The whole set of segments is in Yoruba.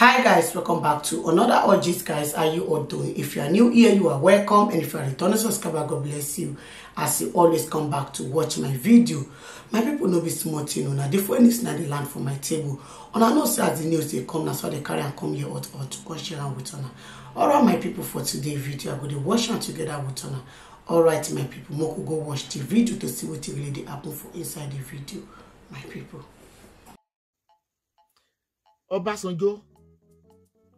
hi guys welcome back to another orgies guys are you all doing if you are new here you are welcome and if you are returning subscriber god bless you as you always come back to watch my video my people no be small thing una the phone is not the land for my table una know say as the news they come na so they carry and come here hot hot come share am with una all right my people for today video i go dey watch am together with una all right my people make go watch the video to see wetin really dey happen for inside the video my people Obasanjo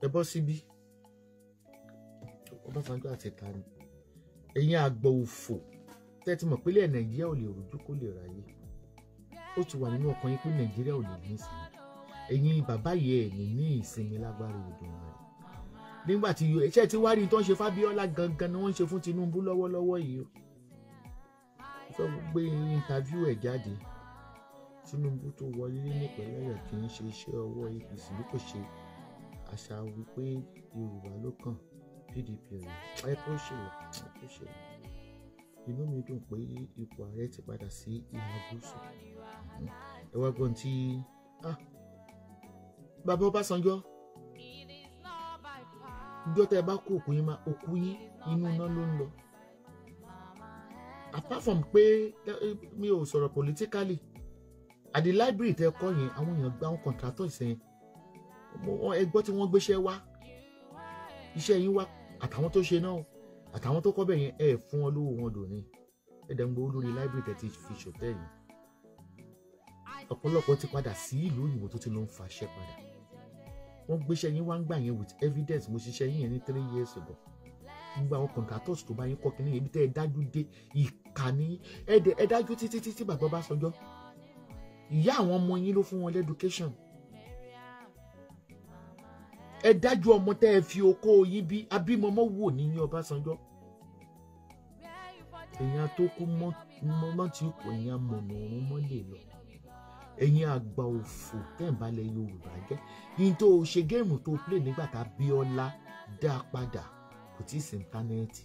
ẹ bọ́ síbí Ọbásanjọ́ àti ta ni ẹ̀yin àgbọ̀ òfò tẹ́tí mọ̀ pínlẹ̀ Nàìjíríà ò lè rojú kó lè ráyè ó ti wà nínú ọkàn yín pé Nàìjíríà ò lè ní ìsinmi ẹ̀yin bàbá yìí ẹ̀ ní ní ìsinmi lágbára ìdùnnú rẹ̀ nígbà tí iṣẹ́ tí wárí tó ń ṣe Fábíọ́lá gangan ni wọ́n ń ṣe fún Tinubu lọ́wọ́lọ́wọ́ yìí o fẹ́ gbé intaviu ẹ̀ jáde Tinubu tó wọlé nípínlẹ̀ rẹ̀ kì í ṣe iṣẹ́ ọwọ́ APC bí kò ṣe àṣà wípé yorùbá ló kàn pdp rẹ̀ ẹ tó ṣèlú ẹ tó ṣèlú inú mi dùn pé ipò ààrẹ ti padà sí ìhà gúúsù ẹ wá gbọ́n tí ah, bàbá ọbásanjọ́ ìjọ tẹ bá kó òkú yín máa òkú yín inú iná ló ń lọ apart from pé mi ò sọ̀rọ̀ politically at the library tẹ kọ́ yẹn àwọn èèyàn gba àwọn contractors yẹn ẹ gbọ́ tí wọ́n gbéṣẹ́ wá iṣẹ́ yín wá àtàwọn tó ṣe náà àtàwọn tó kọ́ bẹ̀ yẹn ẹ fún wọn lówó wọn dò ní ẹ ń gbowó lórí library tẹ̀ ti fi ṣòtẹ́ yìí ọ̀pọ̀lọpọ̀ ti padà sí ìlú òyìnbó tó ti lọ ń faṣẹ́ padà wọ́n gbéṣẹ́ yín wá ń gbà yẹn with evidence mo ṣiṣẹ́ yín yẹn ní three years ago gbogbo àwọn contractors tó bá yín kọ́ kínní ibi tẹ́ ẹ dájú dé ìkànnì ẹ dájú ọmọ tẹ́ ẹ fi okó yín bí abímọmọ wò níyìn Ọbásanjọ́ èèyàn tó kú mọ́ tí kò èèyàn mọ̀nà òun mọ́lẹ̀ lọ ẹ̀yin àgbà òfò tẹ̀m̀bálẹ̀ Yorùbá jẹ́ yín tó ṣe géèmù tó plé nígbà tá Bíọ́lá dá a padà kò tí ì sí íńtánẹ́ẹ̀tì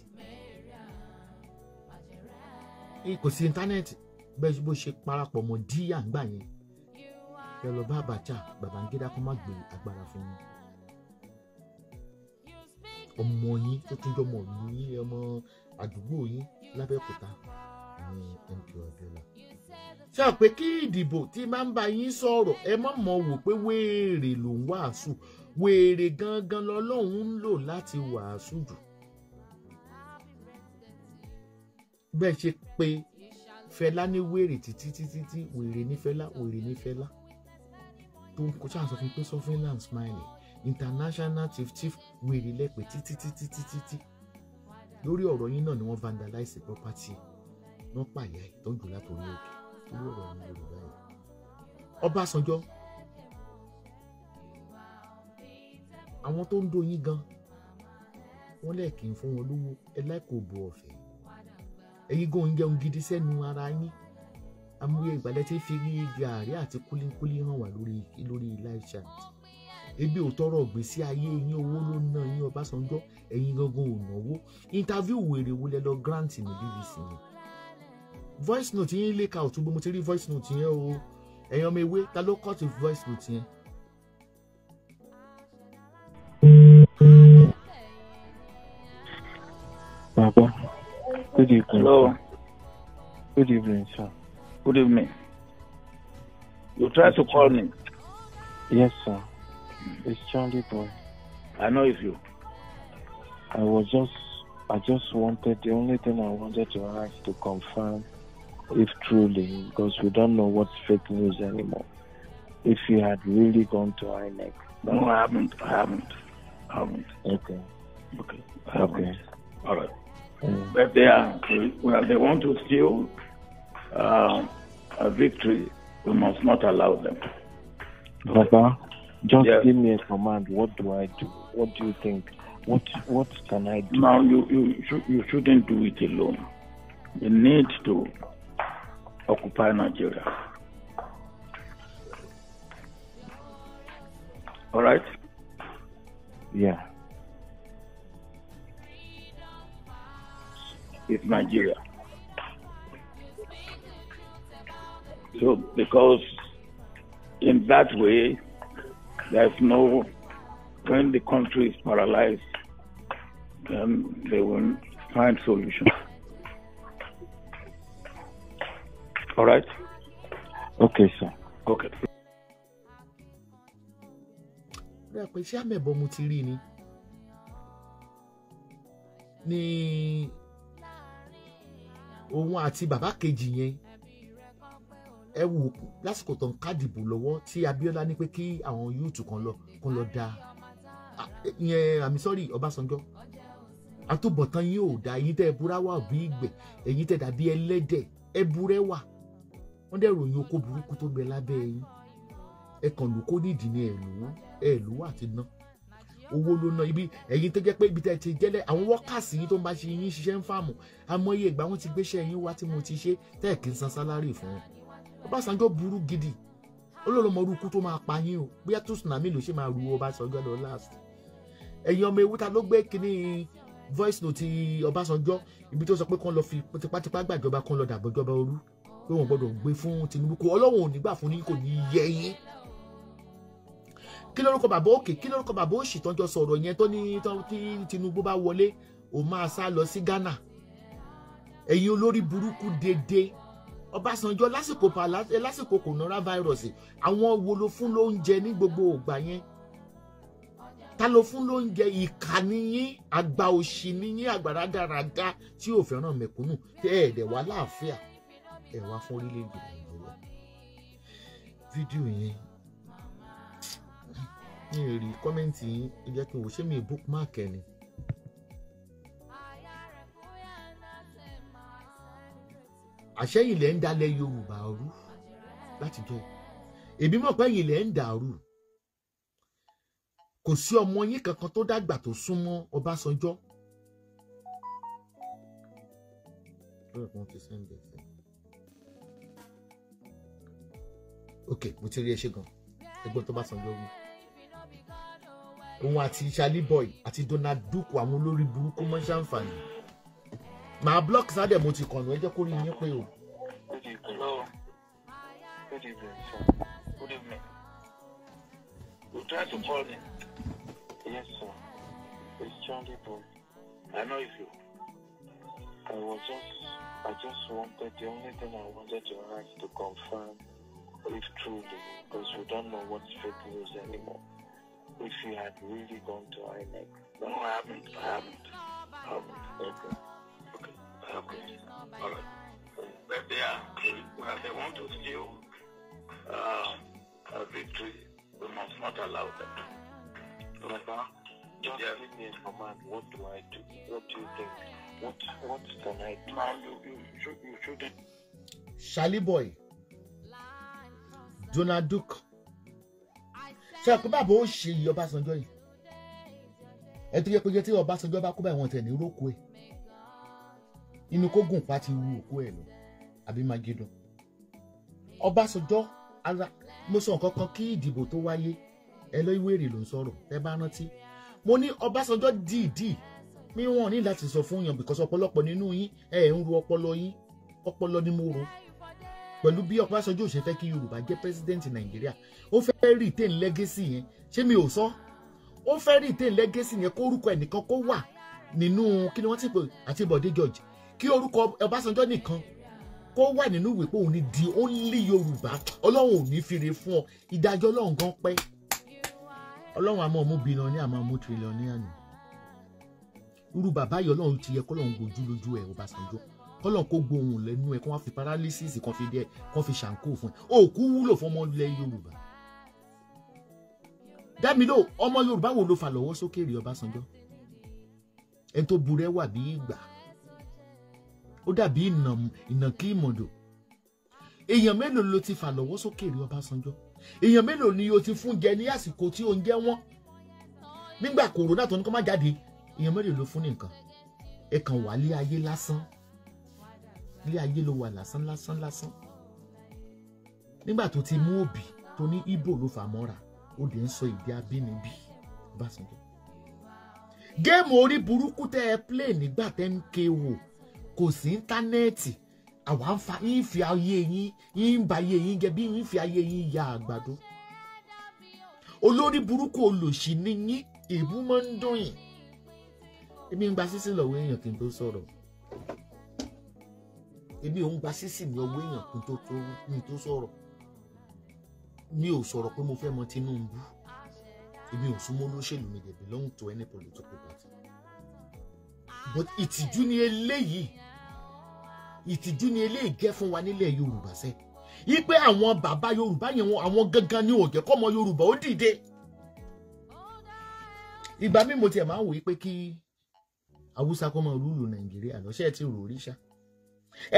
kò sí íńtánẹ́ẹ̀tì bẹ́ẹ̀ bó ṣe parapọ̀ mọ́ díyà ńgbà yẹn ẹ lọ bá Abacha Babangida kó má gbé agbára fún yín ọmọ yín tó tún jọmọ ìlú yín ọmọ àdúgbò yín lábẹ́òkúta ní MK Abiola. ṣé o pé kí ìdìbò tí máa ń bá yín sọ̀rọ̀ ẹ má mọ̀ wò pé wéèrè ló ń wàásù wéèrè gangan lọ́lọ́run ń lò láti wàásù jù. bẹ́ẹ̀ ṣe pé Fẹlá ní wéèrè títí títí tí wèrè ní Fẹlá wèrè ní Fẹlá tó ń kó sọ fún pé sọ fún Fẹlá and smiling international chief chief wèrè lẹ́pẹ̀ títí títí títí tí lórí ọ̀rọ̀ yín náà ni wọ́n vandalize property wọ́n pààyà ìtọ́jú látòrí òkè lórí ọ̀rọ̀ yín Yorùbá yìí Ọbásanjọ́ àwọn tó ń do yín gan wọ́n lẹ́ẹ̀kì ń fún wọn lówó ẹlẹ́kọ̀ọ́ bò ọ̀fẹ́ ẹ̀yin gan ń jẹun gidi sẹ́nu ara yín amúyẹ ìgbàlẹ̀ tí fi rí gàárì àti kúlíkúlí hàn wá lórí lórí live chat ebi ò tọrọ gbèsè ayé yín owó ló ná yín Ọbásanjọ́ ẹ̀yin gangan ò náwó interview wèrè wo lẹ lọ grant ní BBC yẹn voice note yín lè ka ọ̀tún bí mo rí voice note yẹn o ẹ̀yin ọmọ ewé ta ló kọ́ ti voice note yẹn. Bàbá, good evening. Hello. Good evening, sir. Good evening. You try to call me. Yes, sir. It's Charlie Boy. I know it's you. I was just, I just wanted, the only thing I wanted to ask to confirm if truly, because we don't know what's fake news anymore, if you had really gone to INEC. No, I haven't. I haven't. I haven't. Okay. Okay. I haven't. Okay. All right. Mm. But they are, well, they want to steal uh, a victory. We must not allow them. Baba, just give me a command. What do I do? What do you think? What what can I do? Now you you sh- you shouldn't do it alone. You need to occupy Nigeria. All right. Yeah. It's Nigeria. So because in that way There's no, when the country is paralyzed, then they will find solutions. All right? Okay, sir. Okay. rẹ pé ṣé àmẹ̀bọ̀ mo ti rí ni ni òun àti bàbá kejì yẹn ẹ wò lásìkò tó ń kádìbò lọ́wọ́ tí Abíọ́lá ní pé kí àwọn yúùtù kan lọ kan lọ da ìyẹn àmì sọ́rí Ọbásanjọ́ àtúbọ̀tán yín ò da ẹ̀yin tẹ́ ẹ burá wà bí ìgbẹ́ ẹ̀yin tẹ́ dàbí ẹlẹ́dẹ̀ ẹ burẹ́ wà wọ́n dẹ̀ ròyìn okó burúkú tó gbẹ lábẹ́ ẹ̀yin ẹ kàn lóko nídìí ni ẹ lò àti ná owó ló ná ibi ẹ̀yin tó jẹ́ pé ibi tẹ́ ti jẹ́lẹ̀ àwọn wọ́kàsì yín tó ń bá ṣe yín ṣiṣẹ́ ń fàmù àmọ́ ìgbà wọn ti gbéṣẹ́ yín wá tí mo ti ṣe tẹ́ẹ̀kì ń san sálárì fún wọn Ọbásanjọ́ burú gidi olólùmọ̀ orúkú tó máa pa yín o bóyá tsunami ló ṣe máa ru Ọbásanjọ́ lọ last ẹ̀yin ọmọ ewu ta ló gbé kíní voice note Ọbásanjọ́ ibi tó sọ pé kán lọ fi tipátipá gbàjọba kán lọ dàgbọ́jọba orú pé wọ́n gbọ́dọ̀ gbé fún Tinubu kó Ọlọ́run ò ní gbà fún yín kò ní yẹ yín kí lórúkọ bàbá òkè kí lórúkọ bàbá òṣì tọ́jọ́ sọ̀rọ̀ yẹn tó ní Tinubu bá wọlé òun máa sá lọ sí Ghana ẹ̀yin olórí burúkú déédéé Ọbásanjọ́ lásìkò lásìkò coronavirus àwọn wo ló fún lóúnjẹ ní gbogbo ògbà yẹn ta ló fún lóúnjẹ ìkà níyín àgbà òṣì níyín àgbàràgàràgà tí ò fẹ́ràn mẹ̀kúnnù tẹ́ ẹ̀ dẹ̀ wá láàfíà ẹ̀ wá fún orílẹ̀-èdè Nàìjíríà fídíò yẹn ní èrè kọ́mẹ́ǹtì yín ẹ jẹ́ kí n wò ṣé mi bookmark ẹ ni. àṣẹyìn lẹ ń dalẹ̀ Yorùbá rú láti jọ èmi mọ̀ pé ẹ̀yin lẹ ń dàrú kò sí ọmọ yín kankan tó dàgbà tó súnmọ́ Ọbásanjọ́. ok mo ti rí ẹ gan ẹ̀gbọ́n tó bá sanjọ wí òun àti Charlie Boy àti Donald Duke àwọn olórí burúkú mọ́ ṣàǹfààní. My block sáré mo ti kànú ẹ jẹ́ kó rí yín pé o. Good evening, sir. Good evening. You tried to call me. Yes, sir. It's Charlie Boy. I know if you. I was just, I just wanted, the only thing I wanted to ask to confirm if truly, because we don't know what's fake news anymore. If you had really gone to INEC. No, I haven't. I haven't. I haven't. Okay. want to steal uh, a ah, victory, we must not allow that. Remember? Just yeah. give me a command. What do I do? What do you think? What What can I do? No, you, you, should, you shouldn't. Shally Boy, Donald Duke. Ṣé ẹ̀kú bàbá ó ṣe iye Ọbásanjọ́ yìí? Ẹ tó yẹ pé tí Ọbásanjọ́ bá kú bá ìwọ̀n tẹ̀ ní rókò ẹ̀. Inú kó gùn pa ti wu òkú ẹ̀ lọ. Àbí Magídùn. Ọbásanjọ́ ara mo sọ nǹkan kan kí ìdìbò tó wáyé ẹ lọ ìwé èrè ló ń sọ̀rọ̀ ẹ bá rántí mo ní Ọbásanjọ́ dìídì mi wọn ní láti sọ fún yàn because ọ̀pọ̀lọpọ̀ nínú yín ẹ ń ru ọpọlọ yín ọpọlọ ni mo rò pẹ̀lú bí Ọbásanjọ́ ò ṣe fẹ́ kí Yorùbá jẹ́ president Nàìjíríà ó fẹ́ retain legacy yẹn ṣé mi ò sọ ó fẹ́ retain legacy yẹn kó orúkọ ẹnìkan kó wà nínú kí ni wọ́n ti pè àti Bọ̀dé George kí orúkọ Ọbásanjọ́ nìkan kó wà nínú ìwé pé òun ni the only Yorùbá ọlọ́run ò ní fire fún ọ ìdájọ́ ọlọ́run gan pẹ́ ọlọ́run àmọ́ ọmú bi náà ní àmọ́ ọmú tìrìlọ̀ ní àná irú bàbá yìí ọlọ́run ti yẹ kọ́lọ́run gojú lójú ẹ̀ Ọbásanjọ́ kọ́lọ́run kó gbohùn lẹ́nu ẹ̀ kó wọ́n fi paralysis kan fi dẹ́ kan fi ṣàǹkó fún ẹ̀ òkú wúlò fọmọ ilẹ̀ Yorùbá dámilò ọmọ Yorùbá wo ló fà lọ́wọ́ sókè rí Ọbásanjọ́ ẹni tó burẹ́ wà bí ìgbà ó dàbí ìnàkí ìmọ̀dò èèyàn mélòó ló ti fà lọ́wọ́ sókè rí Ọbásanjọ́ èèyàn mélòó ni o ti fún jẹ ní àsìkò tí o ń jẹ wọ́n nígbà kòrónà tó ní kó má jáde èèyàn mélòó ló fún ní nǹkan ẹ kàn wá lé ayé lásán lé ayé ló wà lásán lásán lásán nígbà tó ti mú òbí tó ní ibo ló fà mọ́ra ó dẹ̀ ń sọ èdè abínibí Ọbásanjọ́ géèmù orí burúkú tẹ́ ẹ plé nígbà tẹ́ ń ké wò kò sí íńtánẹ́ẹ̀tì àwa ń fa yín fi ayé yín yín ba ayé yín jẹ bí yín fi ayé yín ya àgbàdo olórí burúkú olòṣì ni yín èébú máa ń dùn yín èmi ń gba sísì lọ́wọ́ èèyàn kí n tó sọ̀rọ̀ èmi ò ń gba sísì ní ọwọ́ èèyàn kí n tó sọ̀rọ̀ mi ò sọ̀rọ̀ pé mo fẹ́ mọ Tinubu èmi ò súnmọ́ olóṣèlú mi dẹ̀ belong to any political party but ìtìjú ni eléyìí ìtìjú ni eléyìí gẹ́ fún wa nílẹ̀ yorùbá sẹ́ ipe àwọn bàbá yorùbá yẹn àwọn gangan ni òjẹ́ kọ́mọ yorùbá ó dìde ìgbà mi mo tiẹ̀ máa ń wòye pé kí haúsá kọ́ máa rúlù nàìjíríà lọ́sẹ̀ tí rò rí ṣá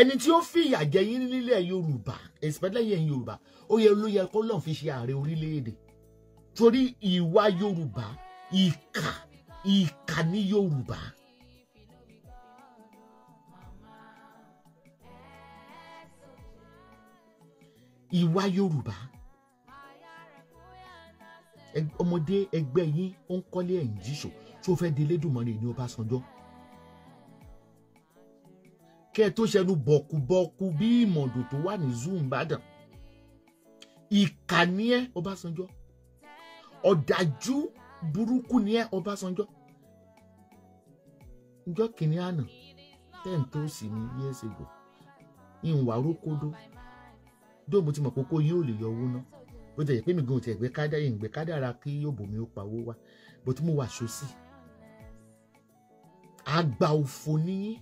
ẹni tí ó fi ìyà jẹ yín nílẹ̀ yorùbá especially yẹn yorùbá ó yẹ ló yẹ kó lọ́n fi ṣe ààrẹ orílẹ̀-èdè torí ìwà yorùbá ìkà ìkà ní yorùbá. ìwà Yorùbá ọmọdé ẹgbẹ́ yín ó ń kọ́lé ẹ̀ ń jíṣò tí ó fẹ́ di Elédùmarè ní Ọbásanjọ́ kẹ́ ẹ tó ṣẹnu bọ̀kúbọ̀kú bí ìmọ̀dò tó wà ní zoo Ìbàdàn ìkà ni ẹ́ Ọbásanjọ́ ọ̀dájú burúkú ni ẹ́ Ọbásanjọ́ ọjọ́ kìnìún àná tẹ́ǹtọ́sì ní years ago ìwà rókódó dóò mo ti mọ̀ kókó yín ò lè yọ owó ná ó jẹ́ pé mi gan ti ẹ̀gbẹ́ kádà yìí ẹ̀gbẹ́ kádà ara kí yóò bòmí ó pa owó wá bó tí mo wà sósì. àgbà òfò níyín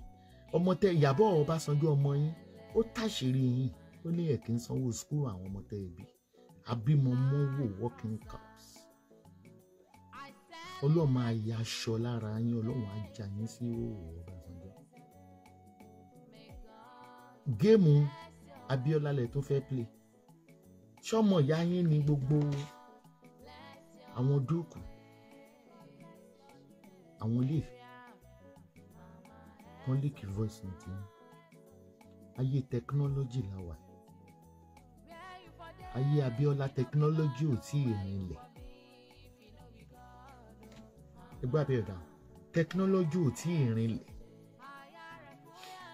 ọmọ tẹ Ìyábọ̀ Ọbásanjọ́ ọmọ yín ó tàṣírí yín ó ní ẹ̀kí ń sanwó skul àwọn ọmọ tẹ ẹbí abímọ mọ́wò working class ọlọ́mọ ayé aṣọ lára yín ọlọ́run ajá yín sí òòrùn Ọbásanjọ́ géèmù Abíọ́lá lẹ tún fẹ́ play ṣọmọ ìyá yín ni gbogbo àwọn dúkù àwọn leaf kan leak voice ní ti ayé technology la wà ayé Abiola technology ò tí ì rinlẹ̀ ẹgbẹ́ Abíọ́lá technology ò tí ì rinlẹ̀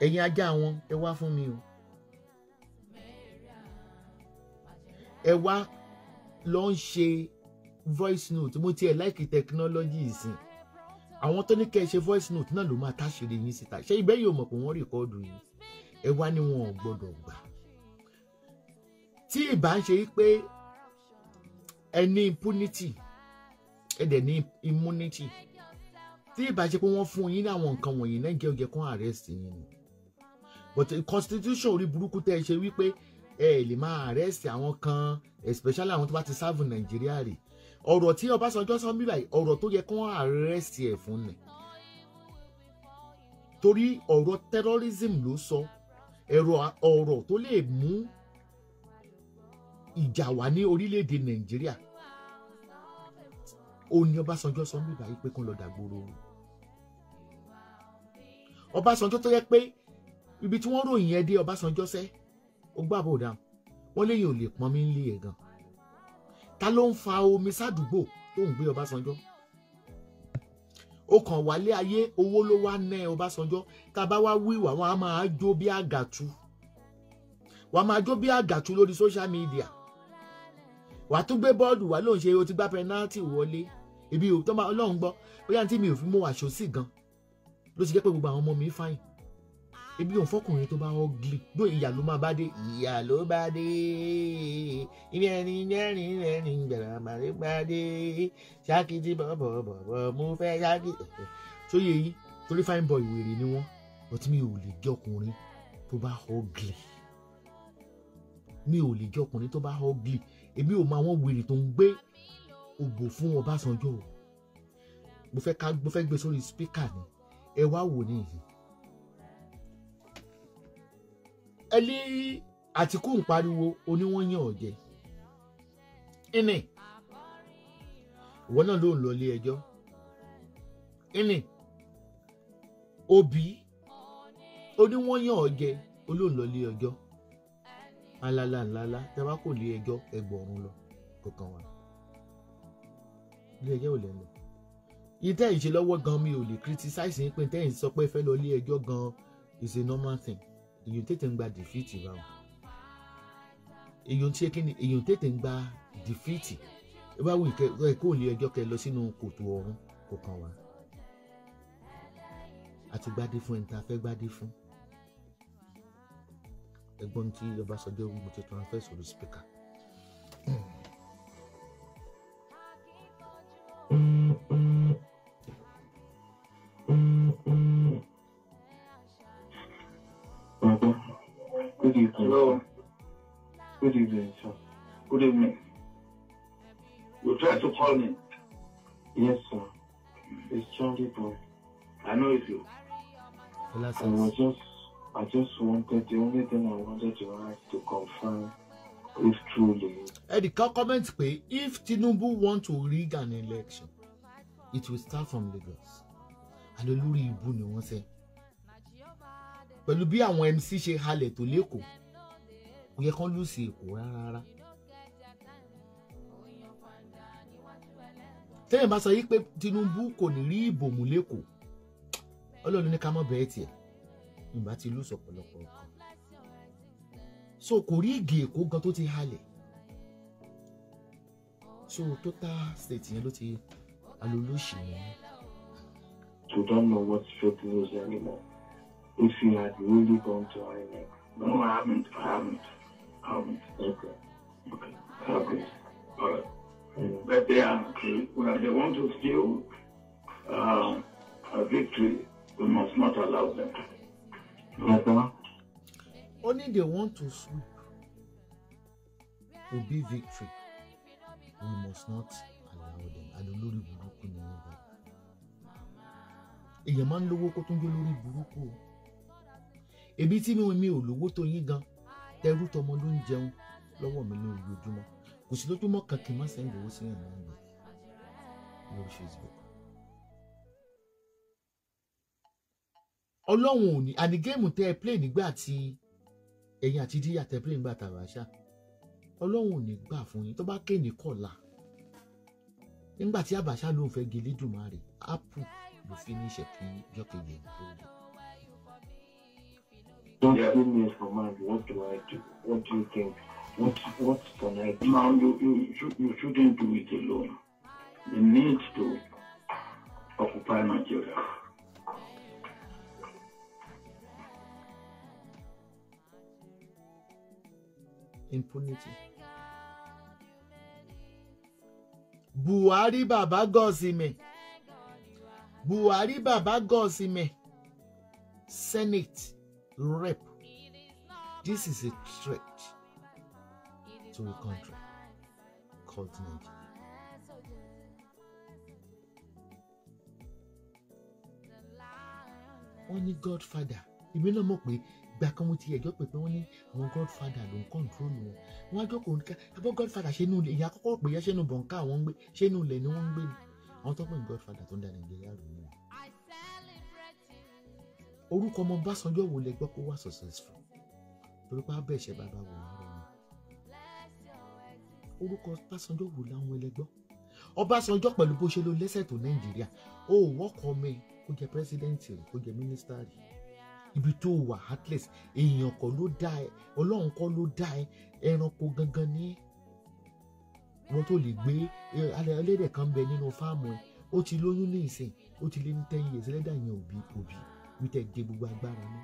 ẹ̀yin ajá wọn ẹ wá fún mi o. ẹ wá lọ ń ṣe voice note mo tiẹ̀ láìkì technology ìsìn àwọn tó ní kẹ́ ẹ ṣe voice note náà ló máa táṣìírí yín síta ṣé ibẹ̀ yóò mọ̀ pé wọ́n rìkọ́ọ̀dù yín ẹ wá ní wọn ò gbà tí ìbá ń ṣe pé ẹ ní impunity ẹ dẹ̀ ní immunity tí ìbá ṣe pé wọ́n fún yín ní àwọn nǹkan wọ̀nyí náà jẹ́ ó jẹ́ arrest yín ni but constitution orí burúkú tẹ́ ẹ ṣe wípé ẹ lè máa àrẹ́sì àwọn kan especially àwọn tó bá ti sáàbù nàìjíríà rè ọ̀rọ̀ tí Ọbásanjọ́ sọ bí báyìí ọ̀rọ̀ tó yẹ kó wọ́n àrẹ́sì ẹ̀ fún ni torí ọ̀rọ̀ terrorism ló sọ ẹ̀rọ ọ̀rọ̀ tó lè mú ìjà wá ní orílẹ̀-èdè nàìjíríà ó ní Ọbásanjọ́ sọ bí báyìí pé kó lọ dàgbòrò Ọbásanjọ́ tó yẹ pé ibi tí wọ́n ròyìn ẹ dé Ọbásanjọ́ sẹ́ẹ́ ó gbàbọ̀ dáhùn wọ́n léyìn ò lè pọn mi ń lé ẹ̀ gan ta ló ń fa omi sádùúgbò tó ń gbé Ọbásanjọ́ ó kàn wálé ayé owó ló wá ná Ọbásanjọ́ tá bá wá wíwà wọn á máa jó bí àgàtú wà á máa jó bí àgàtú lórí social media wà á tún gbé bọ́ọ̀dù wà lóun ṣe o ti gbá pẹnátì wọlé ibi ò tó máa ọlọ́run gbọ́ bóyá tí mi ò fi mú aṣọ sí gan ló ti jẹ́ pé gbogbo àwọn ọmọ mi fáyìn ebi òun fọkùnrin tó bá ugly dó ìyá ló máa bá dé ìyá ló bá dé ibi ẹni mẹ́rin ẹni gbẹ̀rẹ̀ màrí bá dé ṣáàkì tí bọ̀bọ̀bọ̀ mo fẹ́ ṣáàkì. sóyè yìí torí fine boy wèrè ni wọ́n ọtí mi ò lè jẹ́ ọkùnrin tó bá ugly mi ò lè jẹ́ ọkùnrin tó bá ugly èmi ò mọ àwọn wèrè tó ń gbé òbò fún Ọbásanjọ́ o mo fẹ́ gbé sórí spíkà ni ẹ wá wò ní ìsìn ẹlí àtìkù ń pariwo oníwọ́n yàn ọ̀jẹ̀ ìní ìwọ náà ló ń lọ ilé ẹjọ́ ìní òbí oníwọ́n yàn ọ̀jẹ̀ olóòlọ ilé ẹjọ́ alala ńláńlá tẹ́wá kò lé ẹjọ́ ẹgbọ̀rún lọ kankan wà ilé ẹjọ́ ò lè lọ ìtẹ́ ìṣe lọ́wọ́ gan mi ò lè criticize yín pé tẹ́yìn sọ pé fẹ́ lọ ilé ẹjọ́ gan is a normal thing èyàn tètè ń gba dìfíìtì wa o èyàn tí kí ni èyàn tètè ń gba dìfíìtì ẹ bá wù kẹ kó lè ẹjọ́ kẹ lọ sínú kòtò ọ̀run kò kàn wá àti gbádé fún ẹni tá a fẹ́ gbádé fún ẹgbọ́n tí Ọbásanjọ́ wí mo ti transfer sórí speaker. just wanted, the only thing I wanted to ask to confirm if truly. Edika comments pé if Tinubu want to rig an election, it will start from Lagos. Alolórí ibu ni wọ́n ṣe. Pẹ̀lú bí àwọn MC ṣe halẹ̀ tó lẹ́kọ̀ọ́, kò yẹ kán lùsì Èkó rárá. Téèyàn bá sọ yí pé Tinubu kò ní rí ìbò mú lẹ́kọ̀ọ́, Ọlọ́run ní ká mọ̀ bẹ́ẹ̀ tiẹ̀ ìgbà ti lùsọ ọ̀pọ̀lọpọ̀ nǹkan so kò rí ìgè èkó gan tó ti halẹ̀ so total state yẹn ló ti alolóṣì yẹn. to don know what fake news anymore if he had really gone to INEC. no I haven't I haven't I haven't okay okay okay all right mm. but they are well they want to steal uh, a victory we must not allow them. Only they want to sweep. will be victory. We must not allow them. And olórí burúkú ni wọ́n bá. Èèyàn máa ń lówó kó tó ń gbé lórí burúkú o. Ebi tí mi ò lówó tó yín gan, tẹrú tọmọ ló ń jẹun lọ́wọ́ mi ní ojoojúmọ́. Kò sí lójúmọ́ kan kì í má sẹ́yìn sí ìrìn ọ̀gbìn. Lórí Facebook. ọlọ́run ò àní géèmù tẹ́ ẹ play nígbà tí ẹ̀yin àti díyà tẹ́ ẹ play nígbà tàbí àṣà ọlọ́run ò gbà fún yín tó bá kéènì kọ̀la nígbà tí àbàṣà ló ń fẹ́ gé lédùmarè ápù ló fi ní ìṣẹ̀kí jọ́kejì ìgbòho. Don't yeah. give me for man. What do I do? What do you think? What what can I do? Now you you, you shouldn't do it alone. You need to occupy Nigeria. impunity. Buhari Baba Gozime. Buhari Baba Gozime. Senate rep. This is a threat to a country called Nigeria. Wọ́n ní Godfather. Èmi náà mọ̀ pé gbà kan mo ti ẹjọ́ pé pé wọ́n ní àwọn godfather ló ń kọ́ńtrólù wọn wọ́n á jókòó nǹkan àbọ̀ godfather ṣe nù ìyá kọ́kọ́ pè é ṣe nù bọ̀ǹkà àwọn ń gbé ṣe nù ilẹ̀ ni wọ́n ń gbé ni àwọn tó pè ní godfather tó ń da nàìjíríà rò wọn. orúkọ ọmọ Básanjọ́ wo lẹ gbọ́ kó wà successful torí pé abẹ́ ìṣẹ́ bàbá wò wọ́n rẹ̀ ni orúkọ Básanjọ́ wo làwọn ẹlẹgbọ́ Ọbásanjọ́ pẹ̀lú bó ṣe lo lẹ́sẹ̀ tó nàìjíríà ó wọ́kọ̀ mi kó jẹ pírẹsidẹ́ǹtì kó jẹ mínísítà rèé ibi tó wà atlas èèyàn kọ́ ló dá ẹ ọlọ́run kọ́ ló dá ẹ ẹranko gangan ni wọ́n tó lè gbé ẹlẹ́dẹ̀ kan bẹ nínú fáàmù ẹ ó ti lóyún ní ìsìn ó ti lé ní ten years ẹlẹ́dẹ̀ yẹn òbí òbí wíta ẹ gbé gbogbo agbára ní.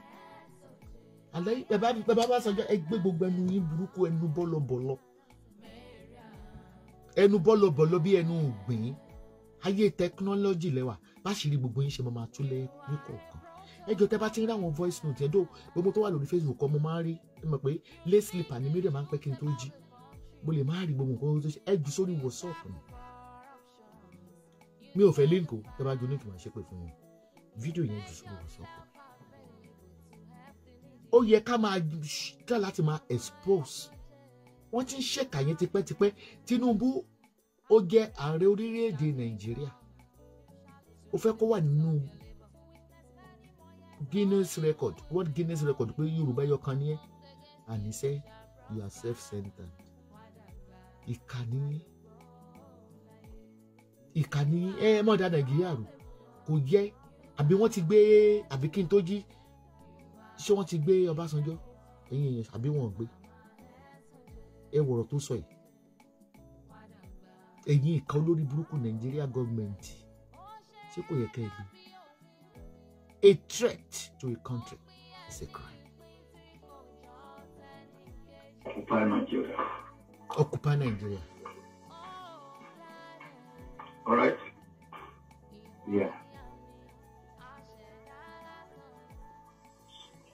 àlẹ́ bàbá bàbá bá sọjọ́ ẹ gbé gbogbo ẹnu yín burúkú ẹnu bọ́lọ̀bọ̀lọ̀ ẹnu bọ́lọ̀bọ̀lọ̀ bí ẹnu ògbìn ayé tẹkinọ́lọ́jì lẹ́wà bá ṣe rí gbogbo yín ṣe máa máa níkọ̀ọ́ ẹ jọ tẹ bá ti ń rí àwọn voice note ẹjọ gbogbo tó wà lórí facebook kọ mo máa ń rí ẹ mọ̀ pé late sleeper ni miriam máa ń pẹ́ kí n tó jí mo lè máa rí gbogbo nǹkan tó ṣe ẹ jù sórí whatsapp mi mi ò fẹ́ líǹkì o tẹ bá ju líǹkì máa ṣe pé fún mi fídíò yẹn jù sórí whatsapp ó yẹ ká máa tẹ́ láti máa expose wọ́n ti ń ṣèkà yẹn tipẹ́tipẹ́ Tinubu ó jẹ́ ààrẹ orílẹ̀-èdè Nàìjíríà ó fẹ́ kó wà nínú guinness record world guinness record pé yorùbá yọkan ní ẹ and he said you are self-centered ìkànnì ìkànnì ẹ ẹ mọ̀ dá nàìjíríà rò kò yẹ àbí wọ́n ti gbé àbí kí n tó jí ṣé wọ́n ti gbé ọbásanjọ́ ẹ̀yìn èèyàn àbí wọ́n gbé ẹ wọ̀rọ̀ tó sọ yìí ẹ̀yìn ìka olórí burúkú nàìjíríà gọ́ọ̀mẹ̀ntì ṣé kò yẹ ká ẹ gbé. a threat to a country is a crime. Occupy Nigeria. Occupy Nigeria. All right? Yeah.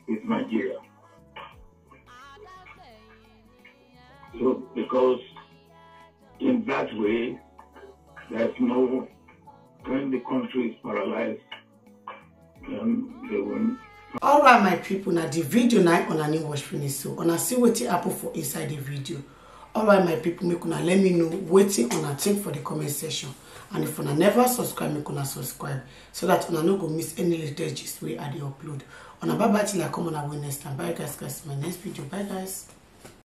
It's Nigeria. So, because in that way, there's no, when the country is paralyzed, alright my people. Now the video on a new watch finish so on a see what wetin happen for inside the video alright my people. make una let me know Waiting on a thing for the comment section and if una never subscribe make una subscribe so dat una no go miss any latest gist wey i dey upload una bye bye till i come on a witness. time bye guys guys my next video bye guys.